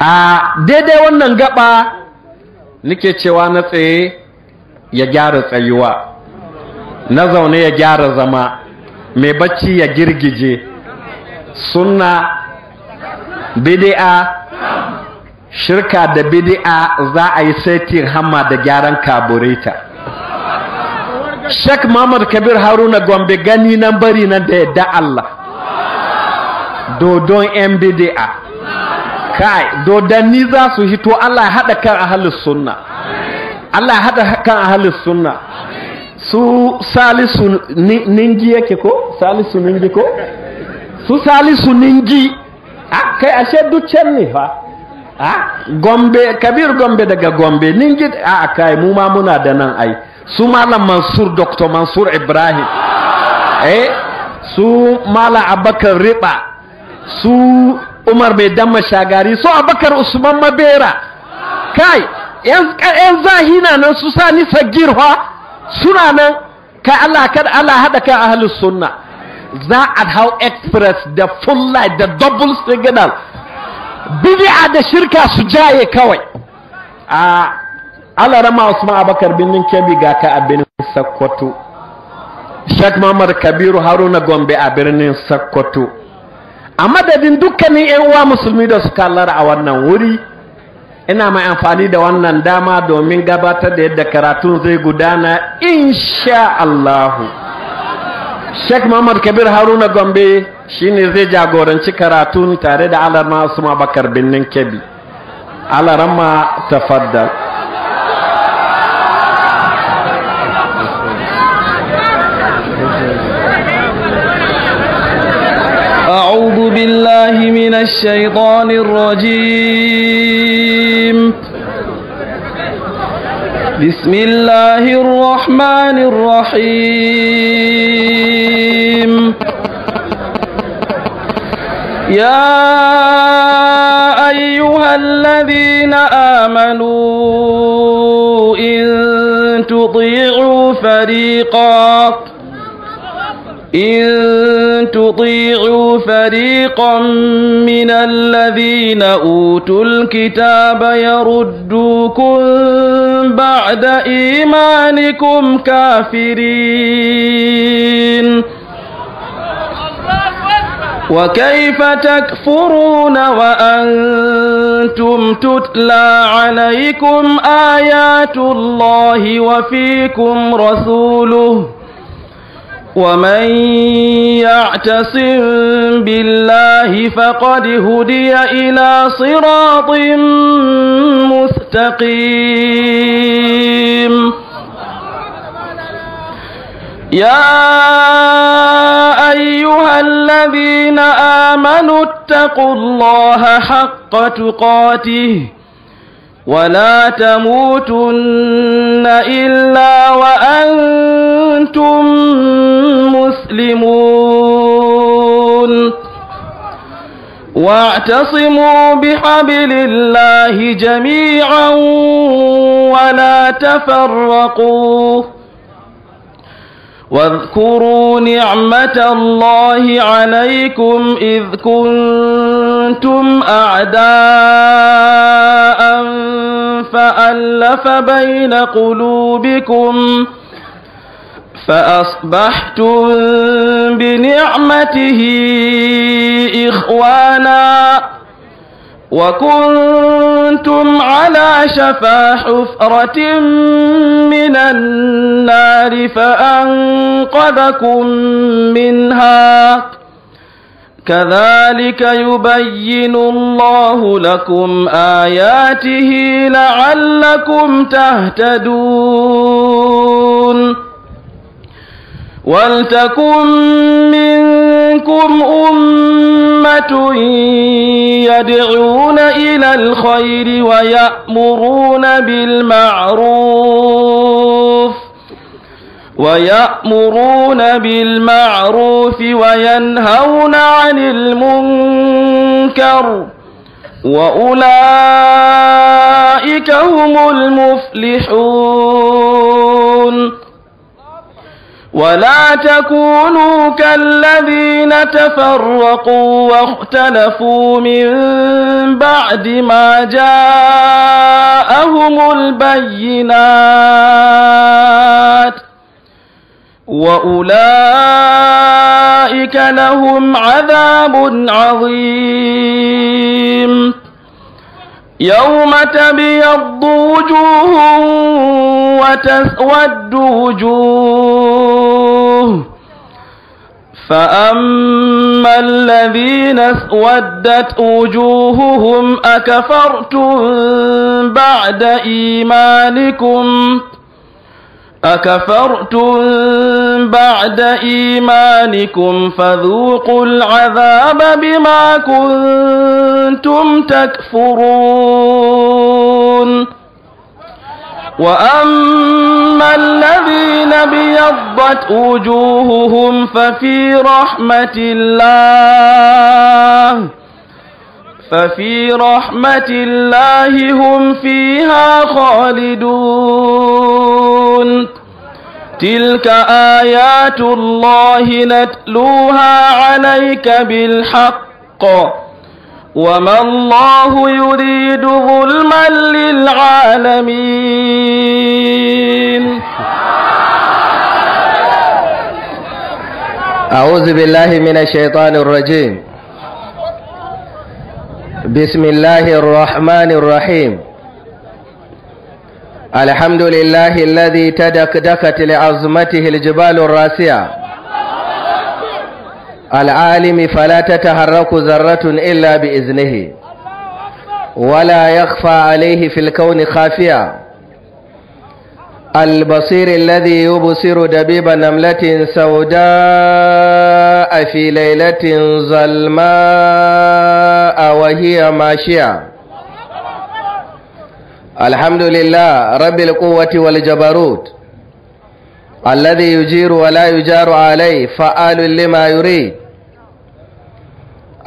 a daidai wannan gaba nake cewa na tsaye ya gyara tsayuwa na zaune ya gyara zama mai bacci ya girgije sunna bidi'a shirka da bidi'a za a yi saitin hamma da gyaran kabureta Sheikh Muhammad Kabir Haruna Gombe gani nan bari nan da yadda Allah dodon yan bidi'a kai dodanni za su hito Allah ya haɗa kan ahalus sunna Allah ya haɗa kan ahalus sunna su salisu ningi yake ko salisu ningi ko su salisu ningi a kai ashe duk can ne fa a gombe kabir gombe daga gombe ningi a kai mu ma muna da nan ai su malam mansur dr mansur ibrahim eh su malam abakar riba su umar mai damma shagari So abakar usman mabera kai yan zahina nan su sani Girwa suna nan kai allah kad allah haɗa kai ahalin sunna za a hau express da full light da double signal bid'a da shirka su jaye kawai a Allah rama Usman Abakar binnin Kebbi ga ka a birnin Sokoto Sheikh Muhammad Kabiru Haruna Gombe a birnin Sokoto a madadin dukkanin 'yan uwa musulmi da suka kallar a wannan wuri ina mai amfani da wannan dama domin gabatar da yadda karatun zai gudana insha Allahu Sheikh Muhammad Kabir Haruna Gombe shine zai jagoranci karatun tare da Alama Usman Bakar Binnin Kebbi Alarama ta أعوذ بالله من الشيطان الرجيم بسم الله الرحمن الرحيم يا أيها الذين آمنوا إن تطيعوا فريقاً إن تطيعوا فريقا من الذين أوتوا الكتاب يردوكم بعد إيمانكم كافرين وكيف تكفرون وأنتم تتلى عليكم آيات الله وفيكم رسوله ومن يعتصم بالله فقد هدي إلى صراط مستقيم يا أيها الذين آمنوا اتقوا الله حق تقاته ولا تموتن إلا وأنتم مسلمون واعتصموا بحبل الله جميعا ولا تفرقوا واذكروا نعمة الله عليكم إذ كنتم أعداء فألف بين قلوبكم فأصبحتم بنعمته إخواناً وكنتم على شفا حفرة من النار فأنقذكم منها كذلك يبين الله لكم آياته لعلكم تهتدون ولتكن من منكم أمة يدعون إلى الخير ويأمرون بالمعروف ويأمرون بالمعروف وينهون عن المنكر وأولئك هم المفلحون ولا تكونوا كالذين تفرقوا واختلفوا من بعد ما جاءهم البينات وأولئك لهم عذاب عظيم يوم تبيض وجوه وتسود وجوه فأما الذين اسودت وجوههم أكفرتم بعد إيمانكم ؟ أكفرتم بعد إيمانكم فذوقوا العذاب بما كنتم تكفرون وأما الذين ابيضت وجوههم ففي رحمة الله ففي رحمة الله هم فيها خالدون تلك آيات الله نتلوها عليك بالحق وما الله يريد ظلما للعالمين أعوذ بالله من الشيطان الرجيم بسم الله الرحمن الرحيم الحمد لله الذي تدكدكت لعظمته الجبال الراسية العالم فلا تتحرك ذرة إلا بإذنه ولا يخفى عليه في الكون خافية البصير الذي يبصر دبيب نملة سوداء في ليلة ظلماء وهي ماشية الحمد لله رب القوة والجبروت الذي يجير ولا يجار عليه فعال لما يريد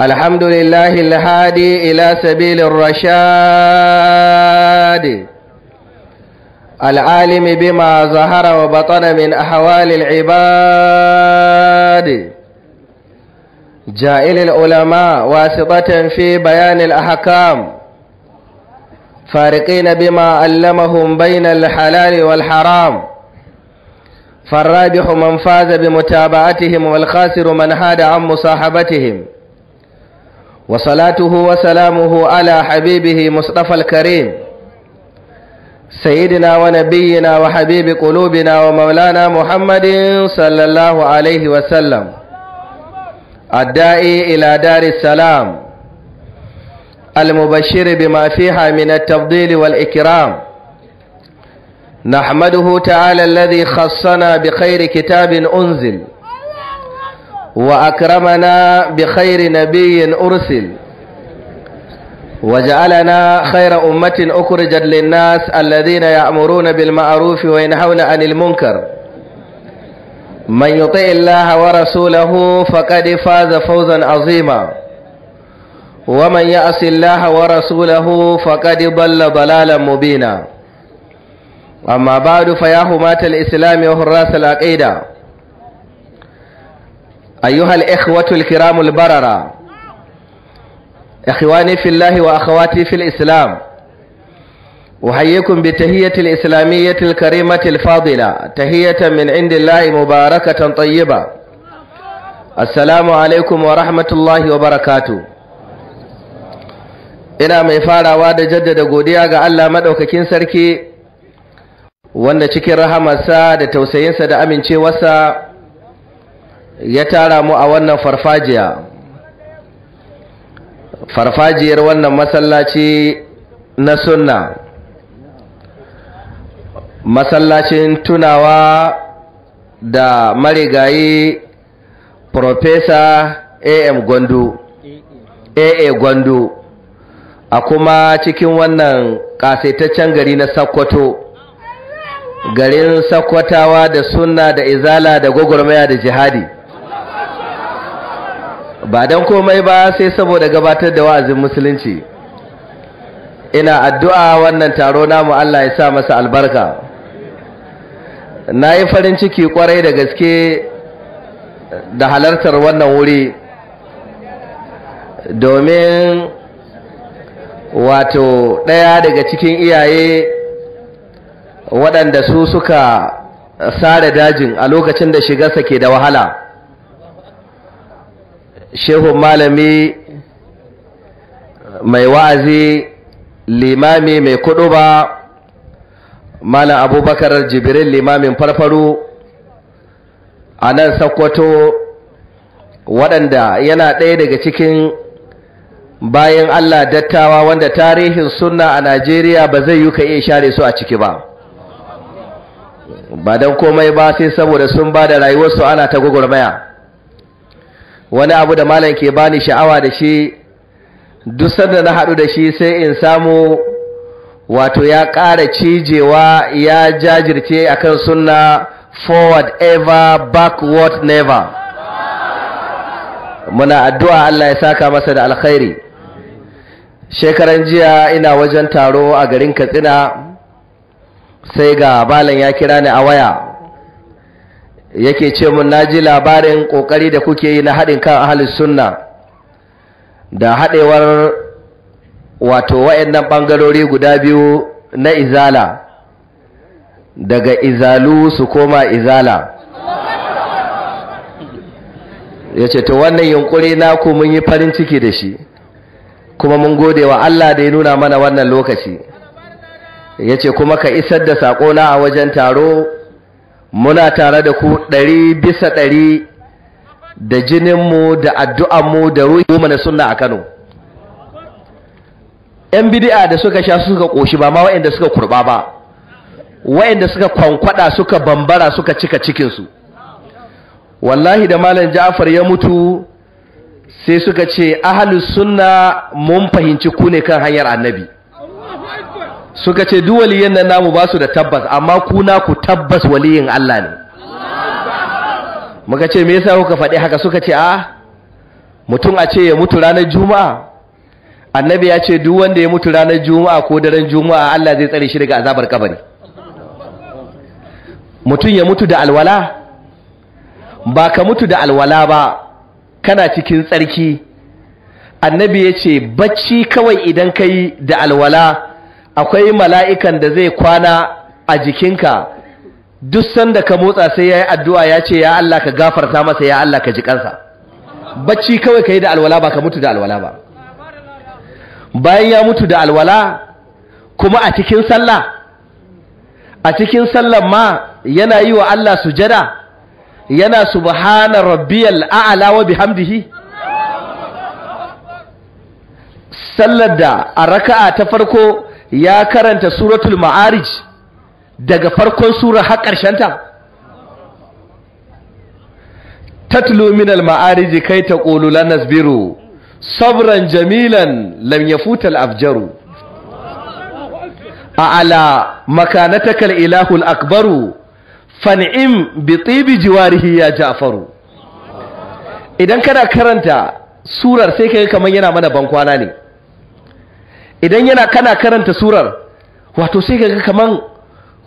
الحمد لله الهادي إلى سبيل الرشاد العالم بما ظهر وبطن من أحوال العباد جائل العلماء واسطة في بيان الأحكام فارقين بما علمهم بين الحلال والحرام فالرابح من فاز بمتابعتهم والخاسر من حاد عن مصاحبتهم وصلاته وسلامه على حبيبه مصطفى الكريم سيدنا ونبينا وحبيب قلوبنا ومولانا محمد صلى الله عليه وسلم الداعي إلى دار السلام المبشر بما فيها من التفضيل والإكرام نحمده تعالى الذي خصنا بخير كتاب أنزل وأكرمنا بخير نبي أرسل وجعلنا خير أمة أخرجت للناس الذين يأمرون بالمعروف وينهون عن المنكر من يطع الله ورسوله فقد فاز فوزا عظيما ومن يعص الله ورسوله فقد ضل ضلالا مبينا أما بعد فيا حماة الإسلام وحراس العقيدة أيها الإخوة الكرام البررة إخواني في الله وأخواتي في الإسلام أحييكم بتهية الإسلامية الكريمة الفاضلة تهية من عند الله مباركة طيبة السلام عليكم ورحمة الله وبركاته ina mai farawa da jaddada godiya ga Allah maɗaukakin sarki wanda cikin rahamarsa da tausayinsa da amincewarsa ya tara mu a wannan farfajiya farfajiyar wannan masallaci na sunna masallacin tunawa da marigayi Profesa A.M. Gwandu A.A. Gwandu a kuma cikin wannan ƙasaitaccen gari na sakkwato garin sakkwatawa da sunna da izala da gwagwarmaya da jihadi ba don komai ba sai saboda gabatar da wa'azin musulunci ina addu'a wannan taro namu Allah ya sa masa albarka na yi farin ciki kwarai da gaske da halartar wannan wuri domin wato ɗaya daga cikin iyaye waɗanda su suka sare dajin a lokacin da shigarsa ke da wahala shehun malami mai wa'azi limami mai kudu ba malam abubakar jibirin limamin farfaru a nan sakkwato waɗanda yana ɗaya daga cikin bayan Allah dattawa wanda tarihin sunna a Najeriya ba zai yi ka iya share su a ciki ba ba don komai ba sai saboda sun ba da rayuwarsu ana ta gwagwarmaya wani abu da malam ke bani sha'awa da shi duk sanda na haɗu da shi sai in samu wato ya ƙara cijewa ya jajirce akan sunna forward ever backward never muna addu'a Allah ya saka masa da alkhairi shekaran jiya ina wajen taro a garin katsina sai ga balan ya kira ni a waya yake ce mun ji labarin kokari da kuke yi na haɗin kan hali sunna da haɗewar wato wa'annan ɓangarori guda biyu na izala daga izalu su koma izala ya ce ta wannan yunkuri naku mun yi farin ciki da shi kuma mun gode wa Allah da ya nuna mana wannan lokaci ya ce kuma ka isar da saƙona a wajen taro muna tare da ku ɗari bisa ɗari da jininmu da addu'anmu da ruhi na sunna a Kano ‘yan bidi'a da suka sha suka ƙoshi ba ma wa'inda suka kurɓa ba wa'inda suka kwankwada suka bambara suka cika cikinsu wallahi da malam ja'far ya mutu sai suka ce ahalus sunna mun fahimci ku ne kan hanyar annabi suka ce duk waliyan nan namu ba su da tabbas amma ku na ku tabbas waliyin Allah ne muka ce me yasa kuka faɗi haka suka ce a ah, mutum a ce ya mutu ranar juma'a annabi ya ce duk wanda ya mutu ranar juma'a ko daren juma'a Allah zai tsare shi daga azabar kabari mutum ya mutu da alwala ba ka mutu da alwala ba kana cikin tsarki annabi ya ce bacci kawai idan ka yi da alwala akwai mala'ikan da zai kwana a jikinka duk sanda ka motsa sai ya yi addu'a ya ce ya Allah ka gafarta masa ya Allah ka jikansa. kansa bacci kawai ka yi da alwala ba ka mutu da alwala ba bayan ya mutu da alwala kuma a cikin sallah a cikin sallah ma yana yi wa Allah sujada yana subhana rabbiyal a'la wa bihamdihi sallar da a raka'a ta farko ya karanta suratul ma'arij daga farkon sura har ƙarshen ta tatlu min ma'arij kai ta qulu lanasbiru sabran jamilan lam yafuta al afjaru a ala makanatakal ilahul akbaru fan'im bi tsibi jiwarihi ya ja'faru idan kana karanta surar sai kai kamar yana mana bankwana ne idan yana kana karanta surar wato sai kaga kaman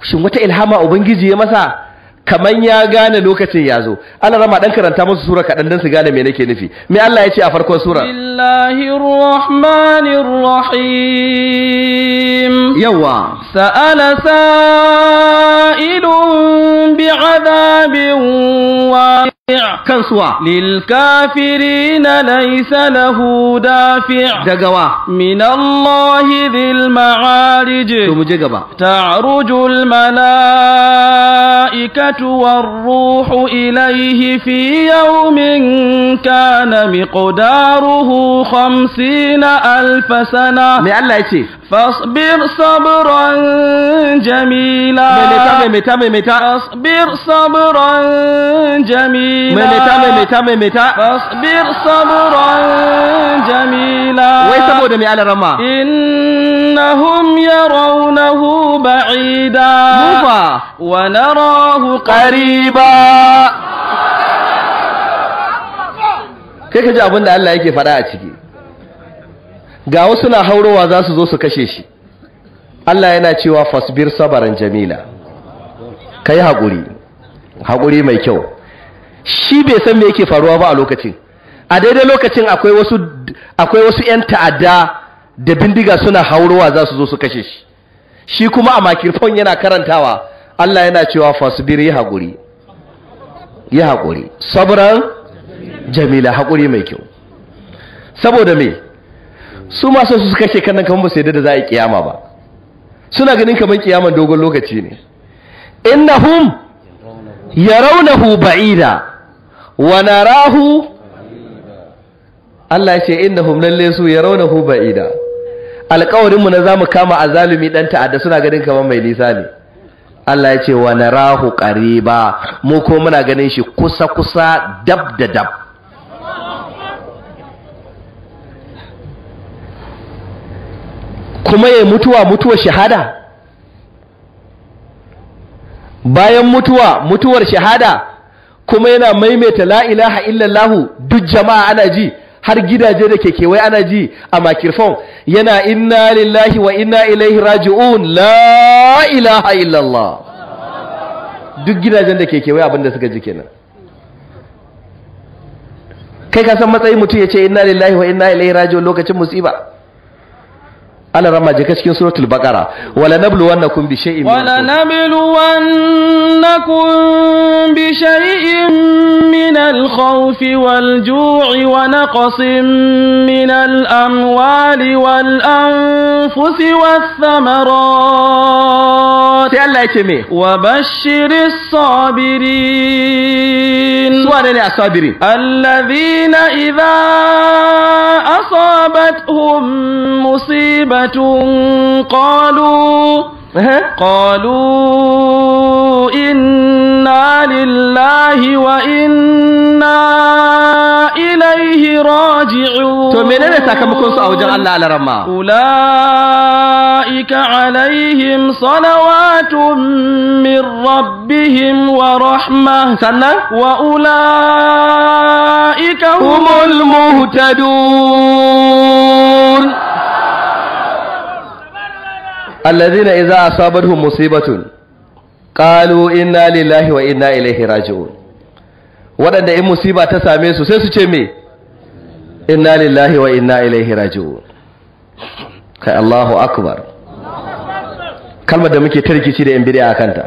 shin wata ilhama ubangiji ya masa kaman ya gane lokacin ya zo Allah rama dan karanta musu sura kaɗan dan su gane me nake nufi me Allah ya ce a farkon sura Bismillahir yawa sa'ala sa'ilun bi'adabin wa kansuwa lilkafirina laysa lahu dafi' dagawa min allahi dhil ma'arij to mu je gaba ta'rujul malaikatu ruhu ilayhi fi yawmin كان مقداره خمسين ألف سنة me Allah ya ce فاصبر صبرا جميلا ميتا ميتا ميتا فاصبر صبرا جميلا ميتا ميتا ميتا فاصبر صبرا جميلا ويسبو دمي على رما إنهم يرونه بعيدا ونراه قريبا sai ka ji abin da Allah yake faɗa a ciki ga wasu na haurowa za su zo su kashe shi Allah yana cewa fasbir sabaran jamila ka yi haƙuri haƙuri mai kyau shi bai san me yake faruwa ba a lokacin a daidai lokacin akwai wasu 'yan ta'adda da bindiga suna haurowa za su zo su kashe shi shi kuma a makirfon yana karantawa Allah yana cewa fasbir yi haƙuri yi haƙuri sabran jamila haƙuri mai kyau saboda me su masu su suka ce kamar ba su yadda da za a yi kiyama ba suna ganin kamar kiyaman dogon lokaci ne innahum yarawnahu ba'ida wa narahu Allah ya ce innahum lalle su yarawnahu ba'ida alƙawarin mu na zamu kama azalumi dan ta'adda suna ganin kamar mai nisa ne Allah ya ce wa narahu qariba mu ko muna ganin shi kusa kusa dab da dab kuma ya mutuwa mutuwar shahada bayan mutuwa mutuwar shahada kuma yana maimaita la ilaha illallah duk jama'a ana ji har gidaje da ke kewaye ana ji a makirfon yana inna lillahi wa inna ilaihi raji'un la ilaha illallah duk gidajen da ke kewaye abinda suka ji kenan kai ka san matsayin mutum ya ce inna lillahi wa inna ilaihi raji'un lokacin musiba ألا رما جكش كين سورة البقرة ولا نبل وأنكم بشيء ولا نبل وأنكم بشيء من الخوف والجوع ونقص من الأموال والأنفس والثمرات تي الله يتمي وبشر الصابرين سؤال يا الصابرين الذين إذا أصابتهم مصيبة قالوا قالوا إنا لله وإنا إليه راجعون أولئك عليهم صلوات من ربهم ورحمة وأولئك هم المهتدون allazina idza asabatuhum musibatun qalu inna lillahi wa inna ilaihi raji'un wadanda in musiba ta same su sai su ce me inna lillahi wa inna ilaihi raji'un kai Allahu akbar kalmar da muke tarkici da yan bid'a kanta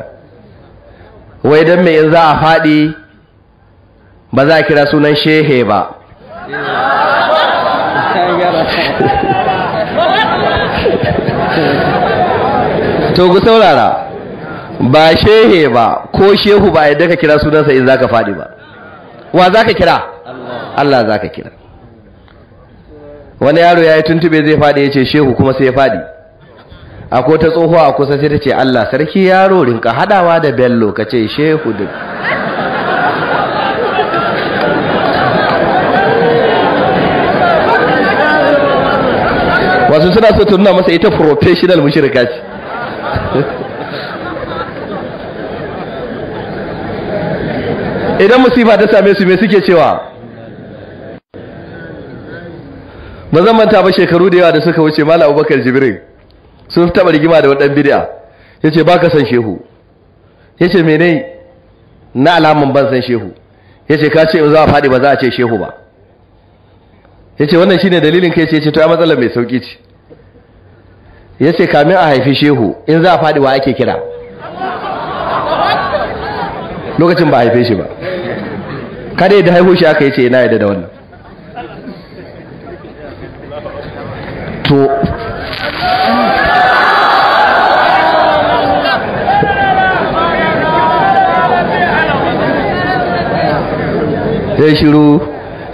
wai dan me yanzu a fadi ba za a kira sunan shehe ba to ku saurara ba shehe ba ko shehu ba yadda ka kira sunansa in zaka faɗi ba wa zaka kira Allah za ka kira wani yaro ya yi tuntube zai faɗi ya ce shehu kuma sai ya faɗi ko ta tsoho a kusa sai ta ce Allah sarki yaro rinka haɗawa da bello ka ce shehu duk wasu suna so tunna masa ita professional mushirka ce idan musifa ta same su me suke cewa ba zan manta ba shekaru da yawa da suka wuce malam abubakar Jibirin, sun taɓa rigima da waɗannan bidiya ya ce ba ka san shehu ya ce mene na alamun ban san shehu ya ce ka ce in za a faɗi ba za a ce shehu ba ya ce wannan shine dalilin kai ce ce to ya matsalar mai sauƙi ce ya ce kamin a haifi shehu in za a faɗiwa ake kira lokacin ba a haife shi ba kada yadda haihu shi aka yi ce yana yadda da wannan to ya shiru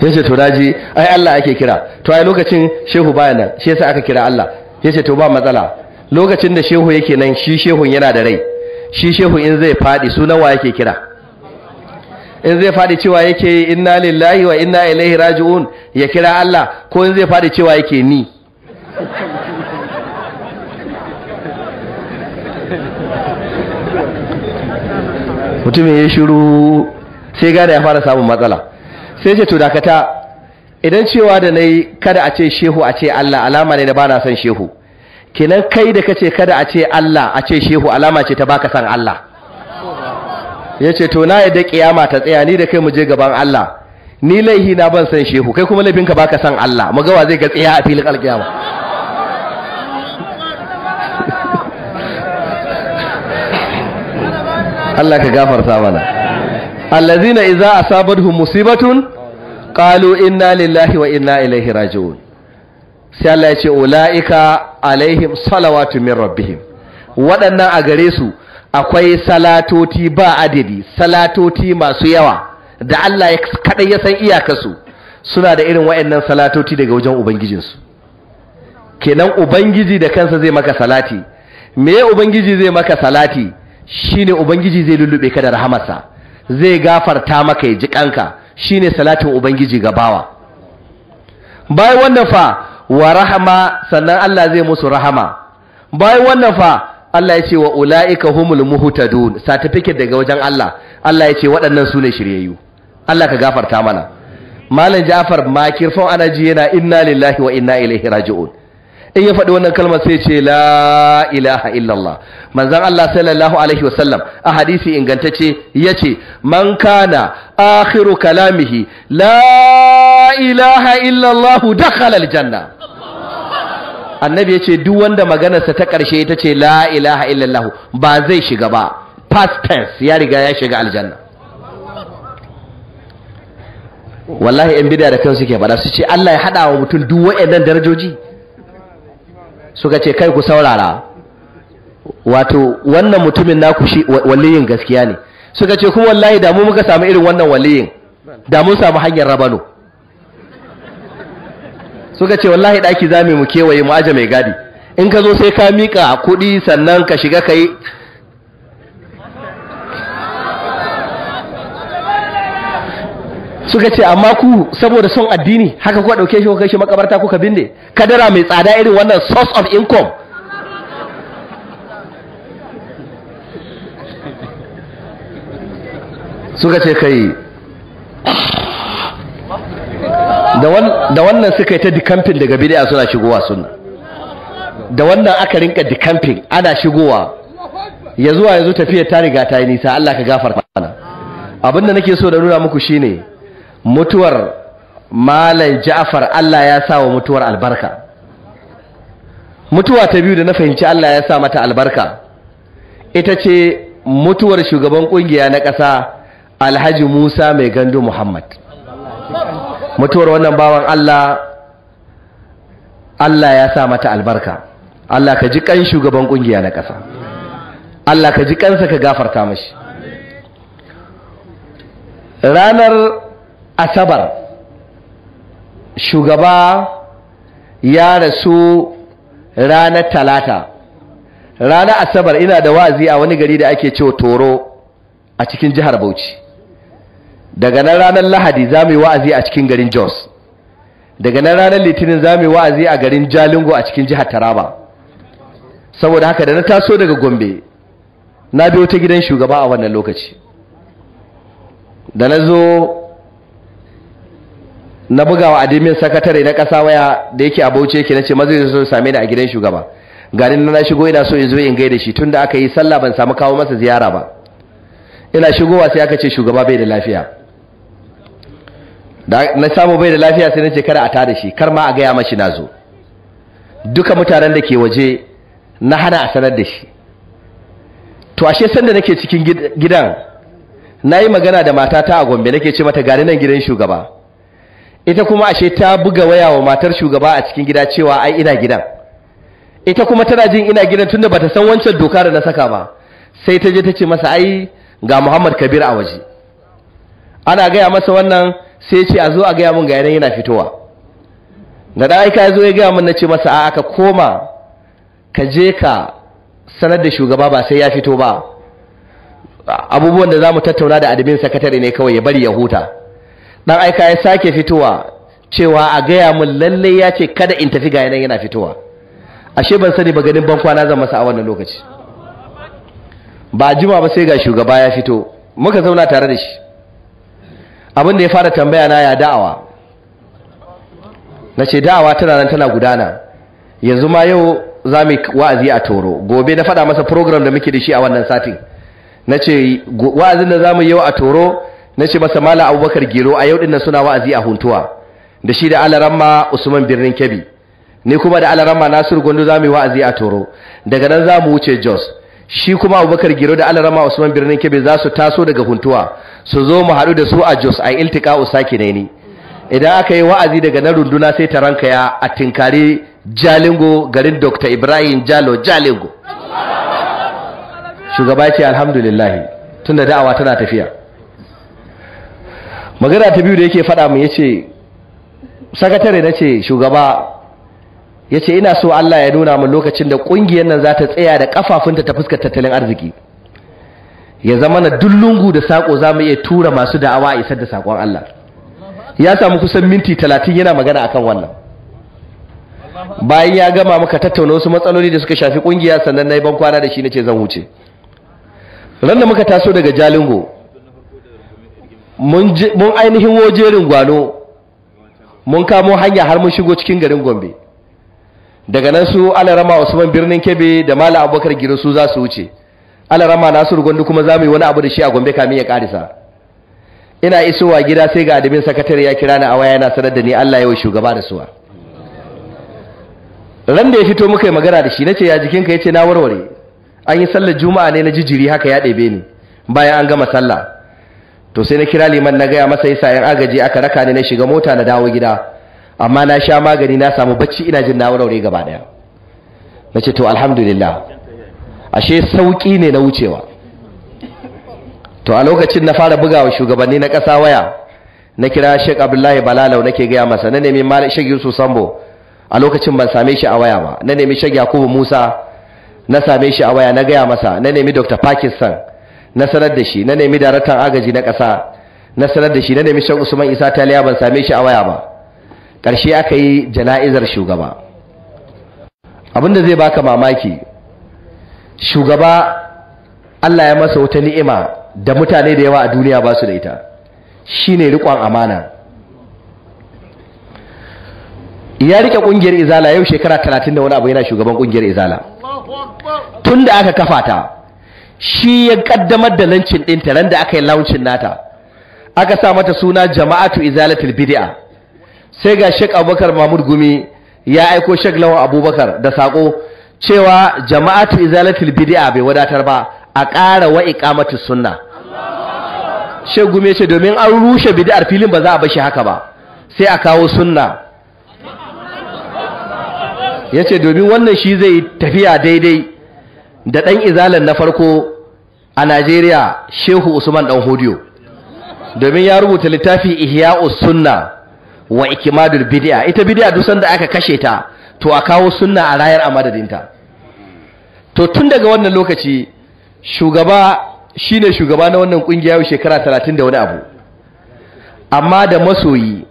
ya ce to ai Allah ake kira to ai lokacin shehu baya nan shi yasa aka kira Allah ya ce to ba matsala lokacin da shehu yake nan shi shehun yana da rai shi shehu in zai fadi sunan wa yake kira in zai fadi cewa yake inna lillahi wa inna ilaihi raji'un ya kira Allah ko in zai fadi cewa yake ni mutumin ya shiru sai gada ya fara samun matsala sai ce to dakata idan cewa da nayi kada a ce shehu a ce Allah alama ne da ba na son shehu kenan kai da kace kada a ce Allah a ce shehu alama ce ta baka san Allah Ya ce to na yadda kiyama ta tsaya ni da kai mu je gaban Allah ni laihi na ban san shehu kai kuma laifinka baka san Allah mu ga wa zai ga tsaya a filin alkiyama Allah ka gafarta mana allazina idza asabathum musibatun Kalo inna lillahi wa inna ilaihi raji'un sai Allah ya ce ulaika alaihim salawatu min rabbihim waɗannan a gare su akwai salatoti ba adadi salatoti masu yawa da Allah ya yasan ya san iyakarsu suna da irin waɗannan salatoti daga wajen ubangijinsu kenan ubangiji da kansa zai maka salati me ubangiji zai maka salati ne ubangiji zai lullube ka da rahamarsa zai gafarta maka ya ji Shi ne salatin ubangiji ga bawa bayan wannan fa wa rahama sannan Allah zai musu rahama bayan wannan fa Allah ya ce wa ula'ika humul muhtadun certificate daga wajen Allah Allah ya ce waɗannan ne shiryayyu Allah ka gafarta mana Malam Ja'far makirfan anaji yana inna lillahi wa inna ilaihi raji'un in ya faɗi wannan kalmar sai ce la ilaha illallah manzan Allah sallallahu alaihi wasallam a hadisi ingantacce yace man kana akhiru kalamihi la ilaha illallah dakhala aljanna annabi yace duk wanda maganarsa ta karshe ita ce la ilaha illallah ba zai shiga ba past tense ya riga ya shiga aljanna wallahi yan bid'a da kansu ke faɗa su ce Allah ya hada wa mutum duk wa'annan darajoji suka ce kai ku saurara wato wannan mutumin naku shi waliyin gaskiya ne suka ce kuma wallahi da mu muka samu irin wannan waliyin da mun samu hanyar rabano suka ce wallahi daki zame mu kewaye mu aje mai gadi in ka zo sai ka mika kuɗi sannan ka shiga kai suka ce amma ku saboda son addini haka kuka ɗauke shi kuka kai shi makabarta kuka binne kadara mai tsada irin wannan source of income suka ce kai da wannan suka yi ta dikamfin daga bidiya suna shigowa suna da wannan aka rinka dikamfin ana shigowa ya zuwa yanzu tafiyar ta riga ta yi nisa Allah ka gafarta mana abinda nake so da nuna muku shine ne mutuwar malam ja'afar Allah ya sa wa mutuwar albarka mutuwa ta biyu da na fahimci Allah ya sa mata albarka ita ce mutuwar shugaban ƙungiya na ƙasa alhaji musa mai gandu muhammad mutuwar wannan bawan Allah Allah ya sa mata albarka Allah ka ji kan shugaban kungiya na ƙasa Allah ka ji kansa ka gafarta mashi ranar asabar shugaba ya rasu ranar talata ranar asabar ina da wa'azi a wani gari da ake cewa toro a cikin jihar bauchi daga nan ranar lahadi za mu yi wa'azi a cikin garin jos daga nan ranar litinin za mu yi wa'azi a garin jalingo a cikin jihar taraba saboda haka da na taso daga gombe na biyo ta gidan shugaba a wannan lokaci da na zo na buga wa adimin sakatare na kasa waya da yake a bauchi yake nace mazai zo same ni a gidan shugaba garin na shigo ina so in zo in gaida shi tunda aka yi sallah ban samu kawo masa ziyara ba ina shigowa sai aka ce shugaba bai da lafiya na samu bai da lafiya sai nace kada a tada shi kar ma a gaya mashi na zo duka mutanen da ke waje na hana a sanar da shi to ashe sanda nake cikin gidan na yi magana da matata a gombe nake ce mata garinan nan gidan shugaba ita kuma ashe ta buga waya wa matar shugaba a cikin gida cewa ai ina gidan ita kuma tana jin ina gidan tunda bata san wancan doka da na saka ba sai ta je ta ce masa ai ga Muhammad Kabir a waje ana gaya masa wannan sai ce a zo a gaya min ga yana fitowa da da aika zo ya gaya min na ce masa a aka koma ka je ka sanar da shugaba ba sai ya fito ba abubuwan da za mu tattauna da admin sakatare ne kawai ya bari ya huta dan aika ya sake fitowa cewa a gaya mun lalle ya ce kada in tafi ga yana yana fitowa ashe ban sani ba ganin ban kwana zan masa a wannan lokaci ba juma ba sai ga shugaba ya fito muka zauna tare da shi abin da ya fara tambaya na ya da'awa na ce da'awa tana nan tana gudana yanzu ma yau za mu wa'azi a toro gobe na faɗa masa program da muke da shi a wannan satin na ce wa'azin da za mu yau a toro na ce masa mala abubakar gero a yau dinnan suna wa'azi a huntuwa da shi da alaramma usman birnin kebi ni kuma da alaramma nasiru gondo za mu yi wa'azi a toro daga nan za mu wuce jos shi kuma abubakar gero da alarama usman birnin kebi za su taso daga huntuwa su zo mu haɗu da su a jos a iltika usaki ne ni idan aka yi wa'azi daga na runduna sai ta ranka ya a tinkari jalingo garin dr ibrahim jalo jalingo shugaba ce alhamdulillahi tunda da'awa tana tafiya magana ta biyu da yake faɗa mu yace sakatare na ce shugaba yace ina so Allah ya nuna min lokacin da kungiyar nan za ta tsaya da kafafunta ta fuskar tattalin arziki ya zama na dullungu da sako za mu iya tura masu da'awa a isar da sakon Allah ya samu kusan minti talatin yana magana akan wannan bayan ya gama muka tattauna wasu matsaloli da suka shafi kungiya sannan na yi ban da shi na ce zan wuce ran da muka taso daga jalingo mun ainihin wojerin gwano mun kamo hanya har mun shigo cikin garin gombe daga nan su alarama usman birnin kebe da mala abubakar giro su za su wuce alarama nasiru rugon kuma za mu yi wani abu da shi a gombe kamin ya karisa ina isowa gida sai ga adabin sakatare ya kira ni a waya yana sanar da ni allah yau shugaba da suwa ran da ya fito muka yi magana da shi na ce ya jikinka ya ce na warware an yi sallar juma'a ne na jijiri haka ya ɗebe ni bayan an gama sallah to sai na kira liman na gaya masa yasa yan agaji aka raka ni na shiga mota na dawo gida amma na sha magani na samu bacci ina jin na wuraure gaba daya na ce to alhamdulillah ashe sauki ne na wucewa to a lokacin na fara bugawa shugabanni na ƙasa waya na kira Sheikh Abdullahi Balalau nake gaya masa na nemi Malik Sheikh Yusuf Sambo a lokacin ban same shi a waya ba na nemi Sheikh Yakubu Musa na same shi a waya na gaya masa na nemi Dr Pakistan na sanar da shi na nemi daraktan agaji na ƙasa na sanar da shi na nemi shan usman isa taliya ban same shi a waya ba ƙarshe aka yi jana'izar shugaba abinda zai baka mamaki shugaba allah ya masa wata ni'ima da mutane da yawa a duniya ba su da ita shi ne riƙon amana ya rike ƙungiyar izala yau shekara talatin da wani abu yana shugaban ƙungiyar izala tun da aka kafa ta shi ya kaddamar da lancin ɗinta ran da aka yi launcin nata aka sa mata suna jama'atu izalatul bidia. sai ga Sheikh Abubakar Mahmud Gumi ya aiko Sheikh Lawan Abubakar da sako cewa jama'atu izalatul bidia bai wadatar ba a ƙara wa iqamatus sunna Sheikh Gumi ce domin an rushe bidiar filin ba za a bashi haka ba sai a kawo sunna yace domin wannan shi zai tafiya daidai da ɗan izalan na farko a Najeriya Shehu Usman ɗan Hodiyo domin ya rubuta littafi Ihya'us Sunna wa Ikmadul Bid'a ita bid'a duk sanda aka kashe ta to a kawo sunna a rayar a madadinta to tun daga wannan lokaci shugaba shine shugaba na wannan kungiya shekara 30 da wani abu amma da masoyi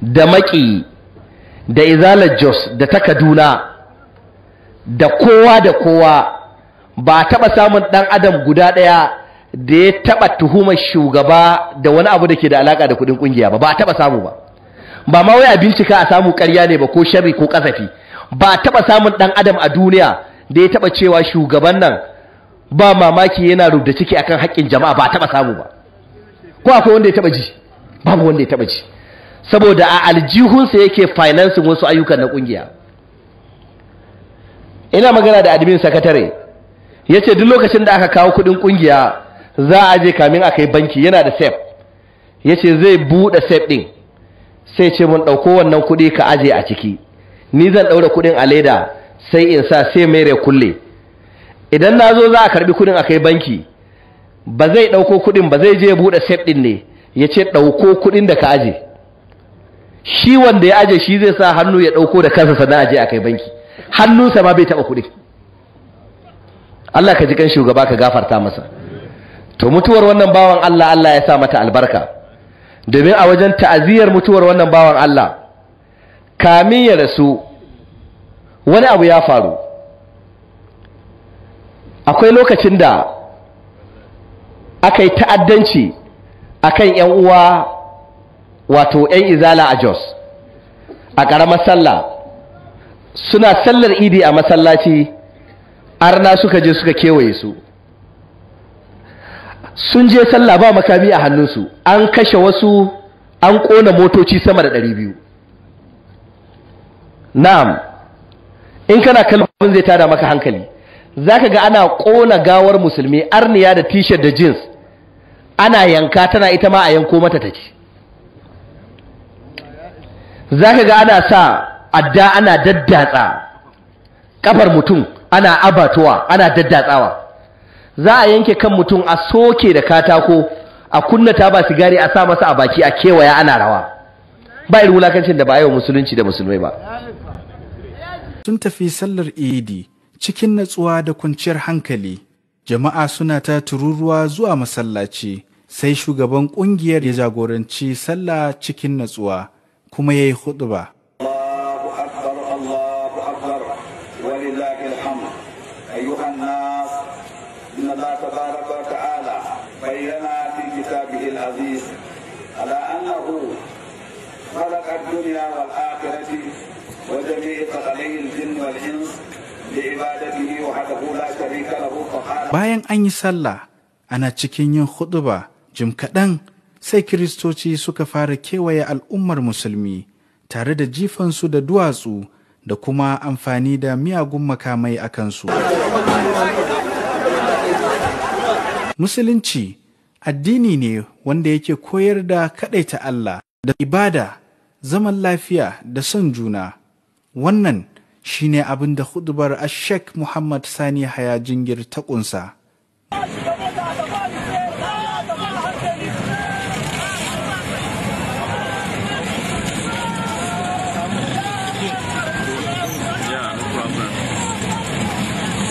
da maki da izalar Jos da ta Kaduna da kowa da kowa ba taɓa samun ɗan adam guda ɗaya da ya taɓa tuhumar shugaba da wani abu da ke da alaƙa da kuɗin ƙungiya ba ba taɓa samu ba ba ma wai a bincika a samu ƙarya ne ba ko sharri ko ƙasafi ba taɓa samun ɗan adam a duniya da ya taɓa cewa shugaban nan ba mamaki yana rubda ciki akan haƙƙin jama'a ba taɓa samu ba ko akwai wanda ya taɓa ji babu wanda ya taɓa ji saboda a aljihunsa yake financing wasu ayyukan na ƙungiya ina magana da admin sakatare yace duk lokacin da aka kawo kudin kungiya za a je kamin akai banki yana da safe yace zai buɗe safe ɗin sai ce mun ɗauko wannan kudi ka aje a ciki ni zan daura kudin a leda sai in sa sai mere kulle idan na zo za a karbi kudin akai banki ba zai dauko kudin ba zai je buɗe safe ɗin ne ya ce dauko kudin da ka aje shi wanda ya aje shi zai sa hannu ya ɗauko da kansa sannan aje akai banki hannunsa ma bai taɓa kudin Allah ka ji kan shugaba ka gafarta masa to mutuwar wannan bawan Allah Allah ya sa mata albarka domin a wajen ta'aziyar mutuwar wannan bawan Allah kamin ya rasu wani abu ya faru akwai lokacin da aka yi ta'addanci akan yan uwa wato yan izala a Jos a ƙaramar sallah suna sallar idi a masallaci arna suka je suka kewaye su sun je sallah ba makami a hannunsu an kashe wasu an kona motoci sama da ɗari biyu na'am in kana kalmomin zai tada maka hankali za ka ga ana kona gawar musulmi arniya da t da jins ana yanka tana ita ma a yanko mata ta ci ka ga ana sa adda ana daddatsa kafar mutum ana abatuwa ana daddatsawa za a yanke kan mutum a soke da katako a kunnata ba sigari a sa masa a baki a kewaya ana rawa ba irin wulakancin da ba yi wa musulunci da musulmai ba sun tafi sallar idi cikin natsuwa da kwanciyar hankali jama'a suna ta tururuwa zuwa masallaci sai shugaban kungiyar ya jagoranci sallah cikin natsuwa kuma ya yi ba. Bayan an yi sallah ana cikin yin huɗuba jim kaɗan sai kiristoci suka fara kewaye al'ummar musulmi tare da jifansu da duwatsu da kuma amfani da miyagun makamai a kansu. Musulunci addini ne wanda yake koyar da kaɗaita Allah da ibada, zaman lafiya da son juna. Wannan shi ne abin da hudubar Ashek Muhammad Sani Haya Jingir ta kunsa.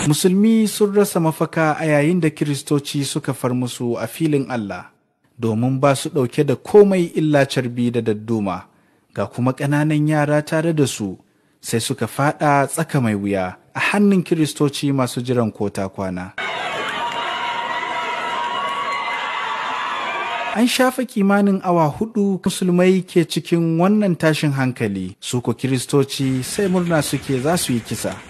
Musulmi sun rasa mafaka a yayin da Kiristoci suka far musu a filin Allah, domin ba su ɗauke da komai illa carbi da dadduma, ga kuma ƙananan yara tare da su. sai suka fada tsaka mai wuya a hannun kiristoci masu jiran kota kwana. An shafa kimanin awa hudu musulmai ke cikin wannan tashin hankali, suko kiristoci sai murna suke za su yi kisa.